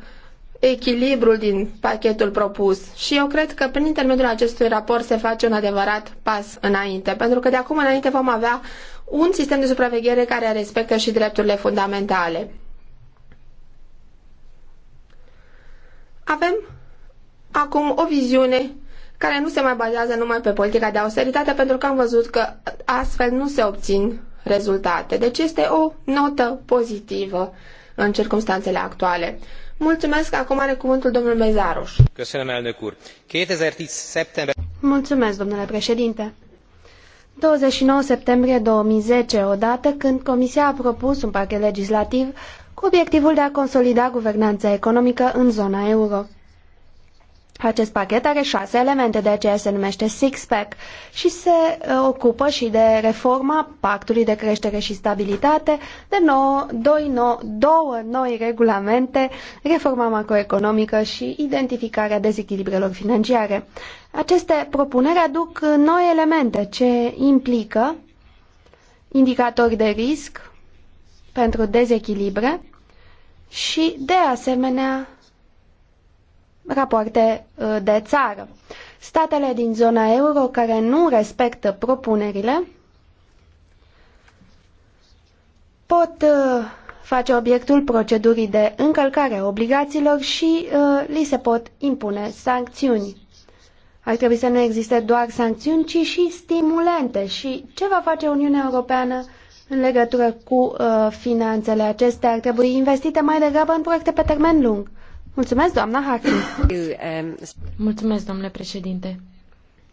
echilibrul din pachetul propus și eu cred că prin intermediul acestui raport se face un adevărat pas înainte, pentru că de acum înainte vom avea un sistem de supraveghere care respectă și drepturile fundamentale. Avem acum o viziune care nu se mai bazează numai pe politica de austeritate, pentru că am văzut că astfel nu se obțin rezultate. Deci este o notă pozitivă în circunstanțele actuale. Mulțumesc, acum are cuvântul domnul Mezaruș. Mulțumesc, domnule președinte. 29 septembrie 2010, odată când Comisia a propus un pachet legislativ cu obiectivul de a consolida guvernanța economică în zona euro. Acest pachet are șase elemente, de aceea se numește Six-Pack și se uh, ocupă și de reforma Pactului de Creștere și Stabilitate, de doi, nou, două noi regulamente, reforma macroeconomică și identificarea dezechilibrelor financiare. Aceste propuneri aduc noi elemente ce implică indicatori de risc pentru dezechilibre și, de asemenea, rapoarte uh, de țară. Statele din zona euro care nu respectă propunerile pot uh, face obiectul procedurii de încălcare a obligațiilor și uh, li se pot impune sancțiuni. Ar trebui să nu existe doar sancțiuni, ci și stimulente. Și ce va face Uniunea Europeană în legătură cu uh, finanțele acestea? Ar trebui investite mai degrabă în proiecte pe termen lung. Mulțumesc, doamna Harkin. Um, Mulțumesc, domnule președinte.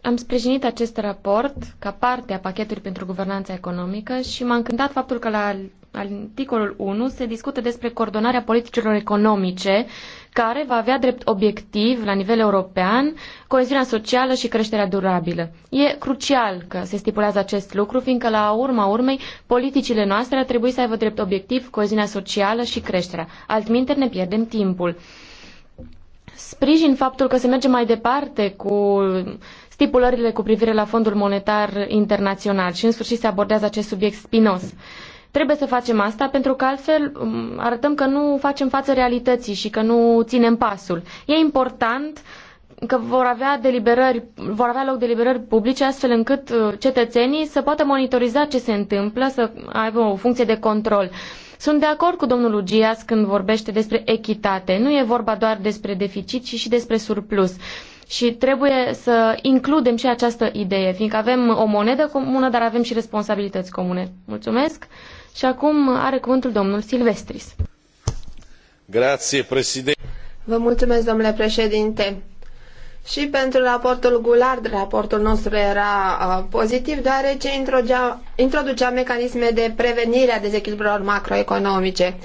Am sprijinit acest raport ca parte a pachetului pentru guvernanța economică și m-a încântat faptul că la articolul 1 se discută despre coordonarea politicilor economice care va avea drept obiectiv la nivel european coeziunea socială și creșterea durabilă. E crucial că se stipulează acest lucru, fiindcă la urma urmei politicile noastre ar trebui să aibă drept obiectiv coeziunea socială și creșterea. Altminteri ne pierdem timpul sprijin faptul că se merge mai departe cu stipulările cu privire la Fondul Monetar Internațional și în sfârșit se abordează acest subiect spinos. Trebuie să facem asta pentru că altfel um, arătăm că nu facem față realității și că nu ținem pasul. E important că vor avea, deliberări, vor avea loc deliberări publice astfel încât uh, cetățenii să poată monitoriza ce se întâmplă, să aibă o funcție de control. Sunt de acord cu domnul Ugias când vorbește despre echitate. Nu e vorba doar despre deficit, ci și despre surplus și trebuie să includem și această idee, fiindcă avem o monedă comună, dar avem și responsabilități comune. Mulțumesc și acum are cuvântul domnul Silvestris. Grație, președinte. Vă mulțumesc, domnule președinte. Și pentru raportul Gulard, raportul nostru era uh, pozitiv, deoarece introducea, introducea mecanisme de prevenire a dezechilibrelor macroeconomice.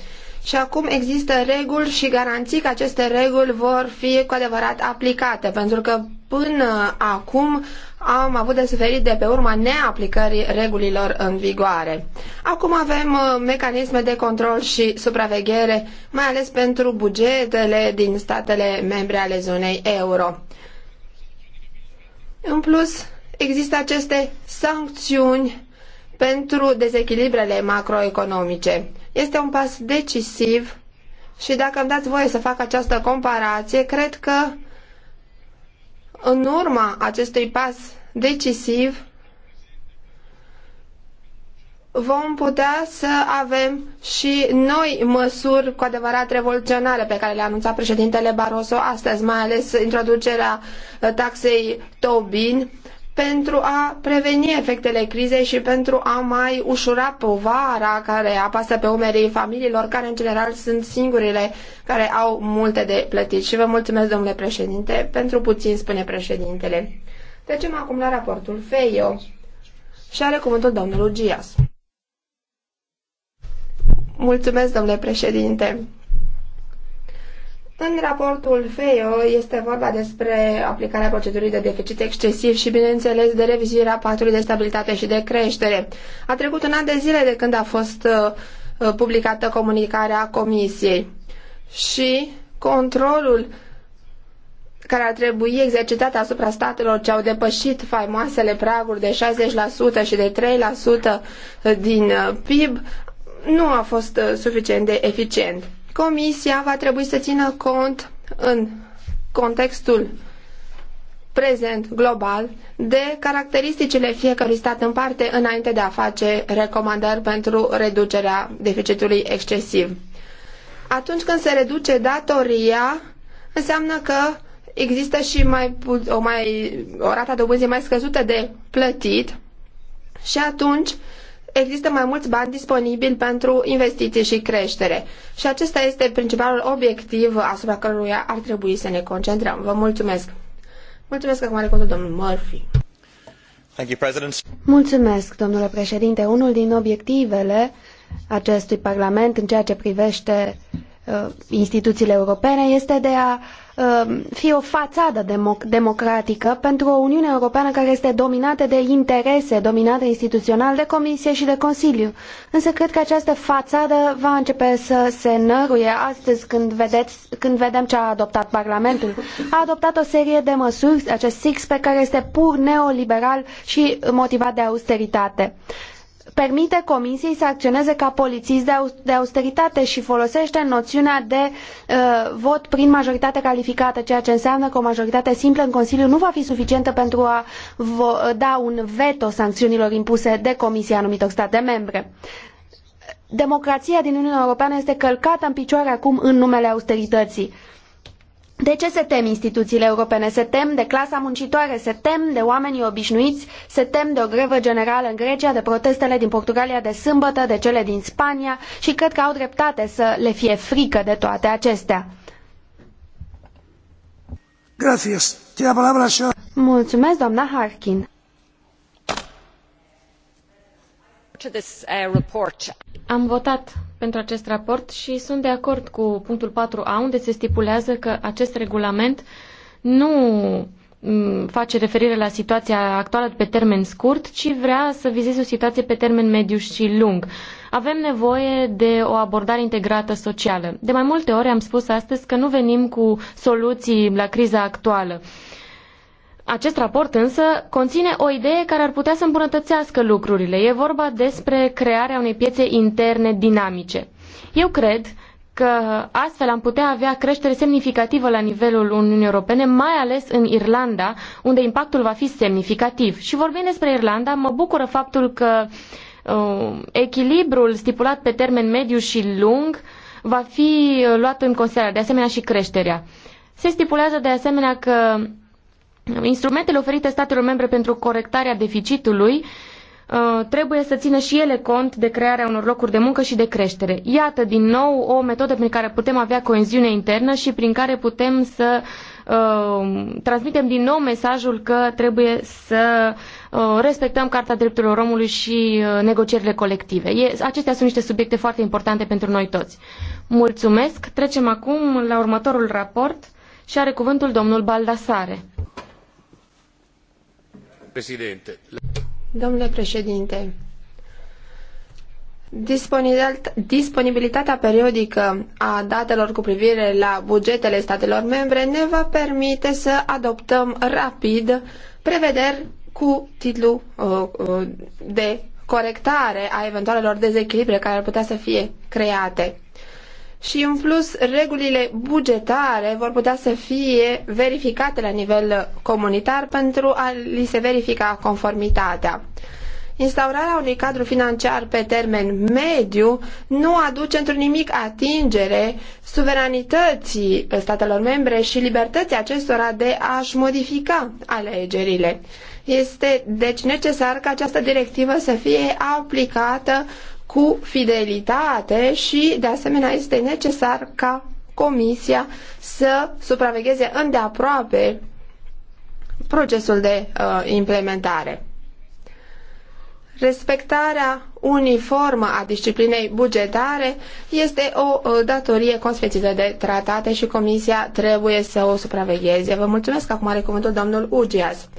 Și acum există reguli și garanții că aceste reguli vor fi cu adevărat aplicate, pentru că până acum am avut de suferit de pe urma neaplicării regulilor în vigoare. Acum avem uh, mecanisme de control și supraveghere, mai ales pentru bugetele din statele membre ale zonei euro. În plus, există aceste sancțiuni pentru dezechilibrele macroeconomice. Este un pas decisiv și dacă îmi dați voie să fac această comparație, cred că în urma acestui pas decisiv vom putea să avem și noi măsuri cu adevărat revoluționare pe care le-a anunțat președintele Barroso astăzi, mai ales introducerea taxei Tobin, pentru a preveni efectele crizei și pentru a mai ușura povara care apasă pe umerii familiilor, care în general sunt singurile care au multe de plătit. Și vă mulțumesc, domnule președinte, pentru puțin, spune președintele. Trecem acum la raportul FEIO și are cuvântul domnul Gias. Mulțumesc, domnule președinte. În raportul FEO este vorba despre aplicarea procedurii de deficit excesiv și, bineînțeles, de revizuirea pactului de stabilitate și de creștere. A trecut un an de zile de când a fost uh, uh, publicată comunicarea Comisiei și controlul care ar trebui exercitat asupra statelor ce au depășit faimoasele praguri de 60% și de 3% din uh, PIB nu a fost suficient de eficient. Comisia va trebui să țină cont în contextul prezent global de caracteristicile fiecărui stat în parte înainte de a face recomandări pentru reducerea deficitului excesiv. Atunci când se reduce datoria, înseamnă că există și mai, o, mai, o rată dobânzii mai scăzută de plătit și atunci există mai mulți bani disponibili pentru investiții și creștere. Și acesta este principalul obiectiv asupra căruia ar trebui să ne concentrăm. Vă mulțumesc! Mulțumesc acum are cuvântul domnul Murphy. Mulțumesc, domnule președinte. Unul din obiectivele acestui Parlament în ceea ce privește Uh, instituțiile europene este de a uh, fi o fațadă democratică pentru o Uniune Europeană care este dominată de interese, dominată instituțional de Comisie și de Consiliu. Însă cred că această fațadă va începe să se năruie astăzi când, vedeți, când vedem ce a adoptat Parlamentul. A adoptat o serie de măsuri, acest six pe care este pur neoliberal și motivat de austeritate permite Comisiei să acționeze ca polițist de austeritate și folosește noțiunea de uh, vot prin majoritate calificată, ceea ce înseamnă că o majoritate simplă în Consiliu nu va fi suficientă pentru a da un veto sancțiunilor impuse de Comisia anumitor state membre. Democrația din Uniunea Europeană este călcată în picioare acum în numele austerității. De ce se tem instituțiile europene? Se tem de clasa muncitoare, se tem de oamenii obișnuiți, se tem de o grevă generală în Grecia, de protestele din Portugalia de sâmbătă, de cele din Spania și cred că au dreptate să le fie frică de toate acestea. Mulțumesc, doamna Harkin. Uh, Am votat pentru acest raport și sunt de acord cu punctul 4a, unde se stipulează că acest regulament nu mm, face referire la situația actuală pe termen scurt, ci vrea să vizeze o situație pe termen mediu și lung. Avem nevoie de o abordare integrată socială. De mai multe ori am spus astăzi că nu venim cu soluții la criza actuală. Uh, acest raport însă conține o idee care ar putea să îmbunătățească lucrurile. E vorba despre crearea unei piețe interne dinamice. Eu cred că astfel am putea avea creștere semnificativă la nivelul Uniunii Europene, mai ales în Irlanda, unde impactul va fi semnificativ. Și vorbind despre Irlanda, mă bucură faptul că uh, echilibrul stipulat pe termen mediu și lung va fi uh, luat în considerare, de asemenea și creșterea. Se stipulează de asemenea că Instrumentele oferite statelor membre pentru corectarea deficitului uh, trebuie să țină și ele cont de crearea unor locuri de muncă și de creștere. Iată, din nou, o metodă prin care putem avea coeziune internă și prin care putem să uh, transmitem din nou mesajul că trebuie să uh, respectăm Carta Drepturilor Omului și uh, negocierile colective. E, acestea sunt niște subiecte foarte importante pentru noi toți. Mulțumesc. Trecem acum la următorul raport și are cuvântul domnul Baldasare. Domnule președinte, disponibilitatea periodică a datelor cu privire la bugetele statelor membre ne va permite să adoptăm rapid prevederi cu titlu uh, uh, de corectare a eventualelor dezechilibre care ar putea să fie create și în plus regulile bugetare vor putea să fie verificate la nivel comunitar pentru a li se verifica conformitatea. Instaurarea unui cadru financiar pe termen mediu nu aduce într-un nimic atingere suveranității statelor membre și libertății acestora de a-și modifica alegerile. Este deci necesar ca această directivă să fie aplicată cu fidelitate și, de asemenea, este necesar ca Comisia să supravegheze îndeaproape procesul de uh, implementare. Respectarea uniformă a disciplinei bugetare este o uh, datorie consfințită de tratate și Comisia trebuie să o supravegheze. Vă mulțumesc, acum are cuvântul domnul Ugias.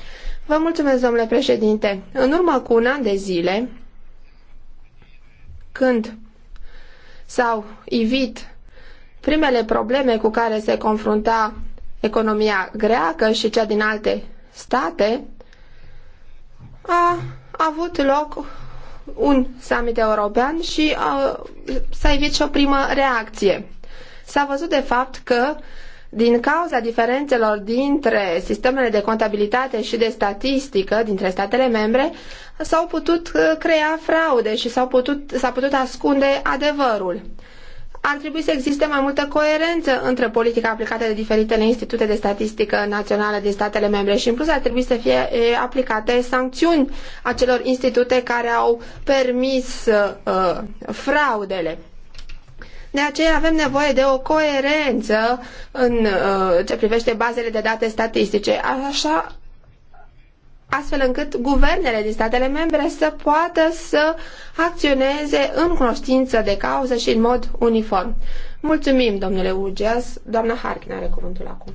Vă mulțumesc, domnule președinte. În urmă cu un an de zile, când sau ivit primele probleme cu care se confrunta economia greacă și cea din alte state, a avut loc un summit european și s-a ivit și o primă reacție. S-a văzut de fapt că din cauza diferențelor dintre sistemele de contabilitate și de statistică dintre statele membre, s-au putut uh, crea fraude și s-au putut, s-a putut ascunde adevărul. Ar trebui să existe mai multă coerență între politica aplicată de diferitele institute de statistică națională din statele membre și în plus ar trebui să fie aplicate sancțiuni acelor institute care au permis uh, uh fraudele. De aceea avem nevoie de o coerență în uh, ce privește bazele de date statistice, așa astfel încât guvernele din statele membre să poată să acționeze în cunoștință de cauză și în mod uniform. Mulțumim, domnule Ugeas. Doamna Harkin are cuvântul acum.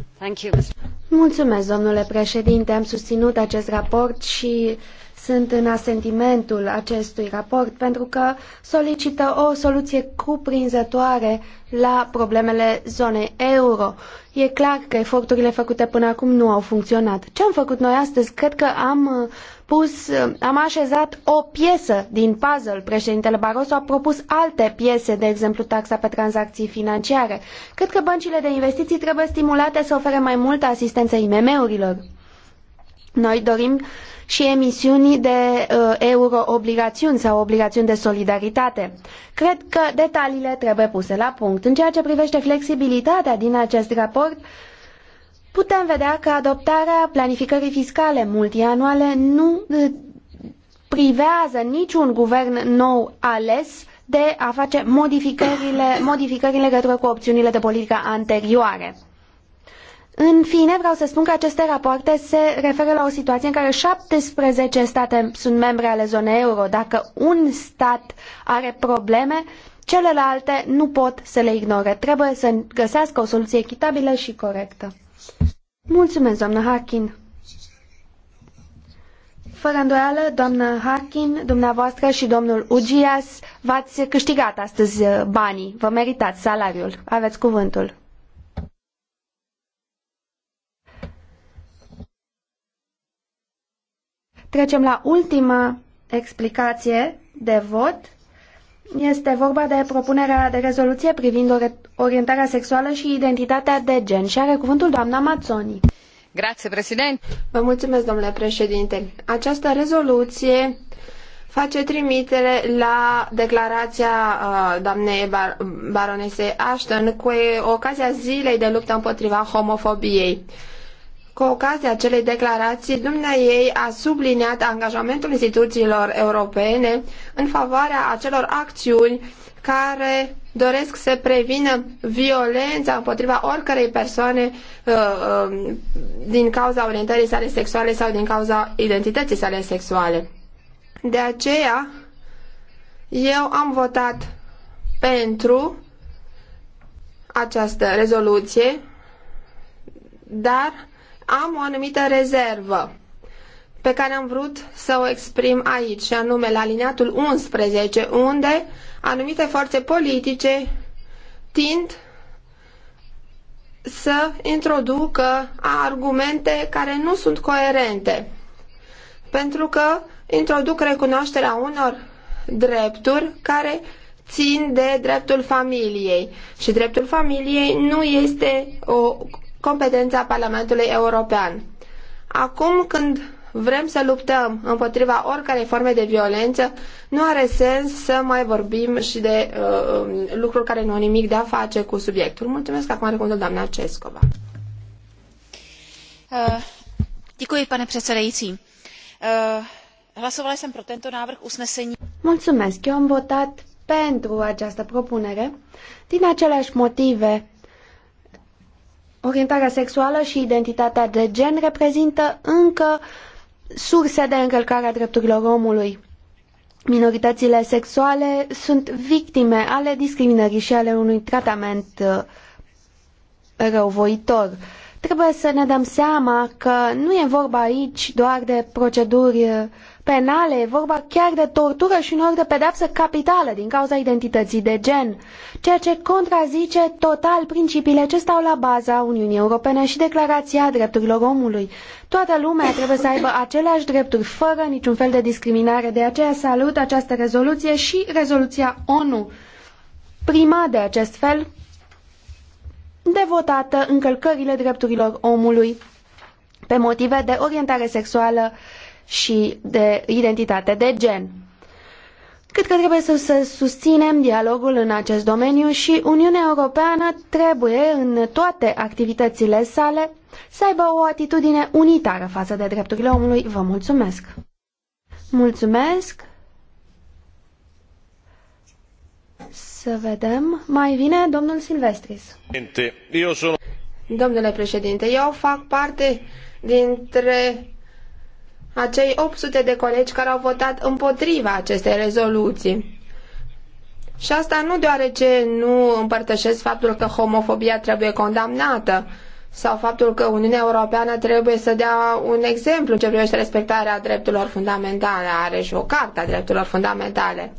Mulțumesc, domnule președinte. Am susținut acest raport și sunt în asentimentul acestui raport pentru că solicită o soluție cuprinzătoare la problemele zonei euro. E clar că eforturile făcute până acum nu au funcționat. Ce am făcut noi astăzi? Cred că am uh, pus, uh, am așezat o piesă din puzzle. Președintele Barroso a propus alte piese, de exemplu taxa pe tranzacții financiare. Cred că băncile de investiții trebuie stimulate să ofere mai multă asistență IMM-urilor. Noi dorim și emisiuni de uh, euro-obligațiuni sau obligațiuni de solidaritate. Cred că detaliile trebuie puse la punct. În ceea ce privește flexibilitatea din acest raport, putem vedea că adoptarea planificării fiscale multianuale nu uh, privează niciun guvern nou ales de a face modificările, modificări în legătură cu opțiunile de politică anterioare. În fine, vreau să spun că aceste rapoarte se referă la o situație în care 17 state sunt membre ale zonei euro. Dacă un stat are probleme, celelalte nu pot să le ignore. Trebuie să găsească o soluție echitabilă și corectă. Mulțumesc, doamnă Harkin. Fără îndoială, doamnă Harkin, dumneavoastră și domnul Ugias, v-ați câștigat astăzi banii, vă meritați salariul, aveți cuvântul. Trecem la ultima explicație de vot. Este vorba de propunerea de rezoluție privind orientarea sexuală și identitatea de gen și are cuvântul doamna Mazzoni. Grazie, președinte. Vă mulțumesc, domnule președinte. Această rezoluție face trimitere la declarația uh, doamnei bar- baronese Ashton cu ocazia zilei de luptă împotriva homofobiei. Uh, cu ocazia acelei declarații, dumneai a subliniat angajamentul instituțiilor europene în favoarea acelor acțiuni care doresc să prevină violența împotriva oricărei persoane uh, uh, din cauza orientării sale sexuale sau din cauza identității sale sexuale. De aceea, eu am votat pentru această rezoluție, dar am o anumită rezervă pe care am vrut să o exprim aici, și anume la alineatul 11, unde anumite forțe politice tind să introducă argumente care nu sunt coerente, pentru că introduc recunoașterea unor drepturi care țin de dreptul familiei și dreptul familiei nu este o competența Parlamentului European. Acum când vrem să luptăm împotriva oricărei forme de violență, nu are sens să mai vorbim și de uh, um, lucruri care nu au nimic de a face cu subiectul. Mulțumesc, acum are cuvântul doamna Cescova. Uh, děkuji, pane předsedající. Uh, hlasovala jsem pro tento návrh usnesení. Mulțumesc, eu am votat pentru această propunere din aceleași motive Orientarea sexuală și identitatea de gen reprezintă încă surse de încălcare a drepturilor omului. Minoritățile sexuale sunt victime ale discriminării și ale unui tratament uh, răuvoitor. Trebuie să ne dăm seama că nu e vorba aici doar de proceduri uh, penale, e vorba chiar de tortură și uneori de pedeapsă capitală din cauza identității de gen, ceea ce contrazice total principiile ce stau la baza Uniunii Europene și Declarația Drepturilor Omului. Toată lumea trebuie să aibă aceleași drepturi fără niciun fel de discriminare, de aceea salut această rezoluție și rezoluția ONU, prima de acest fel, devotată încălcările drepturilor omului pe motive de orientare sexuală, și de identitate de gen. Cred că trebuie să, să susținem dialogul în acest domeniu și Uniunea Europeană trebuie în toate activitățile sale să aibă o atitudine unitară față de drepturile omului. Vă mulțumesc! Mulțumesc! Să vedem. Mai vine domnul Silvestris. Eu sunt... Domnule președinte, eu fac parte dintre acei 800 de colegi care au votat împotriva acestei rezoluții. Și asta nu deoarece nu împărtășesc faptul că homofobia trebuie condamnată sau faptul că Uniunea Europeană trebuie să dea un exemplu în ce privește respectarea drepturilor fundamentale, are și o a drepturilor fundamentale.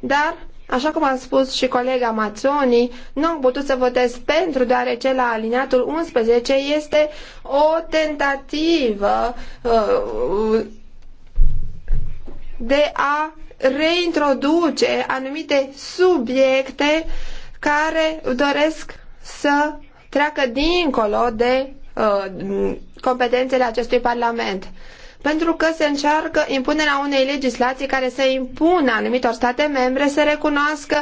Dar Așa cum a spus și colega Mazzoni, nu am putut să votez pentru, deoarece la alineatul 11 este o tentativă uh, de a reintroduce anumite subiecte care doresc să treacă dincolo de uh, competențele acestui Parlament pentru că se încearcă impunerea unei legislații care să impună anumitor state membre să recunoască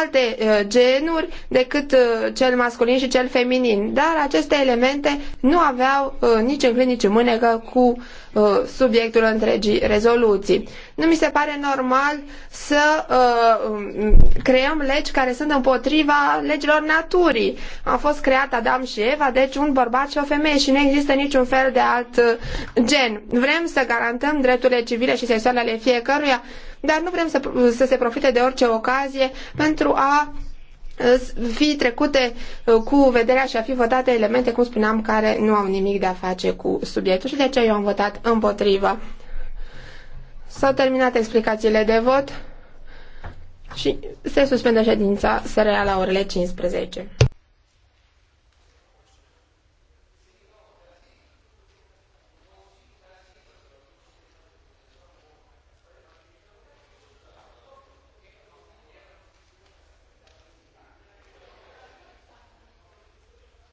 alte uh, genuri decât uh, cel masculin și cel feminin. Dar aceste elemente nu aveau uh, nici în clin, nici în mânecă cu subiectul întregii rezoluții. Nu mi se pare normal să uh, um, creăm legi care sunt împotriva legilor naturii. A fost creat Adam și Eva, deci un bărbat și o femeie și nu există niciun fel de alt uh, gen. Vrem să garantăm drepturile civile și sexuale ale fiecăruia, dar nu vrem să, să se profite de orice ocazie pentru a uh, fi trecute uh, cu vederea și a fi votate elemente, cum spuneam, care nu au nimic de a face cu subiectul și de aceea eu am votat împotrivă. S-au terminat explicațiile de vot și se suspendă ședința, se reia la orele 15.